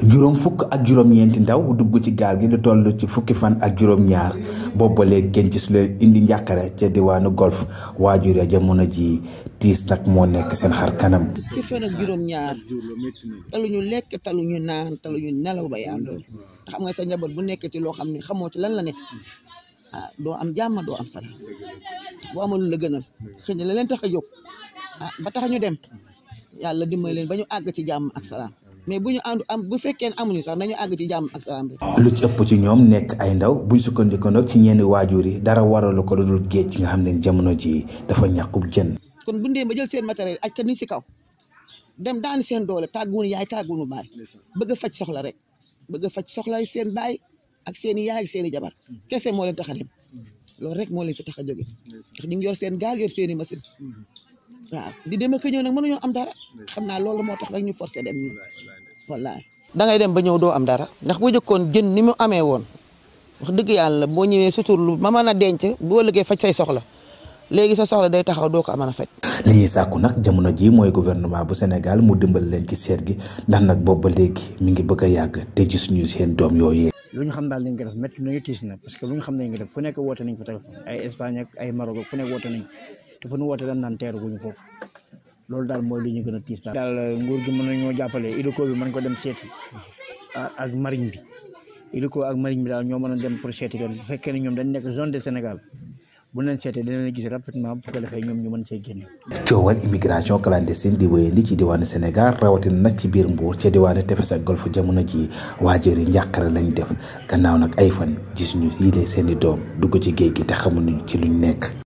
juróom fukk ak juróom-ñeenti ndaw dugg ci gaal gi lu toll ci fukki fan ak juróom-ñaar boobu kenn gisu leen indi njàqare ca diwaanu golf waajur ya jamono ji tiis nag moo nekk seen xar kanam. fukki fan ak juróom-ñaar taluñu lekk taluñu naan taluñu nelaw ba yaandoo xam nga sa njaboot bu nekkee ci loo xam ne xamoo ci lan la ne ah doo am jàmm doo am salaam boo amalul la gënal xëy na la leen tax a jog ah ba tax ñu dem yàlla dimbali leen ba ñu àgg ci jàmm ak salaam. mais bu ñu ànd am bu fekkee amuñu sax nañu àgg ci jàmm ak salaam bi. lu ci ëpp ci ñoom nekk ay ndaw buñ sukkandikoo nag ci ñenn waajur yi dara waralu ko lu dul géej nga xam ne jamono ji dafa ñàkkub jën. kon bu ndee ba jël seen matériel aj ka si kaw dem daan seen doole tàgguwunu yaay tàgguwunu baay bëgg a soxla rek bëgg faj soxla seen baay ak seen i yaay ak seen i jabar kese moo leen tax a dem loolu rek moo leen fi tax a jóge ndax ñu ngi yor seen gaal yor seen i machine waaw di dem ak ñëw nag mënuñoo am dara xam naa loolu moo tax rek ñu forcé dem ñu wallaay da ngay dem ba ñëw doo am dara ndax boo jëkkoon jën ni mu amee woon wax dëgg yàlla boo ñëwee suturlu ma mën a denc boo liggéey faj say soxla léegi sa soxla day taxaw doo ko mën a faj. li ñuy sàkku nag jamono ji mooy gouvernement bu Sénégal mu dimbali leen ci seet gi ndax nag boobu ba léegi mi ngi bëgg a yàgg te gisuñu seen doom yooyu. lu ñu xam daal dañ ko def métti nañu tiis na parce que lu ñu xam dañ ko fu nekk woote nañ ko téléphone ay Espagne ay Maroc woote nañ te fu ñu loolu daal mooy li ñu gën a tiis daal. daal nguur gi mën nañoo jàppale hélico bi mën ko dem seeti ak marine bi hélico ak marine bi daal ñoo mën a dem pour seeti leen fekkee ne ñoom dañ nekk zone de Sénégal. bu leen seetee dina leen gis rapidement bu ko ñoom ñu mën see génn. coowal immigration clandestine di wéyandi ci diwaanu Sénégal rawatina nag ci biir Mbour ca diwaanu tefes ak golf jamono ji waajur yi njàqare lañ def gannaaw nag ay fan gis ñu yile seeni doom dugg ci géej gi te xamuñu ci luñ nekk.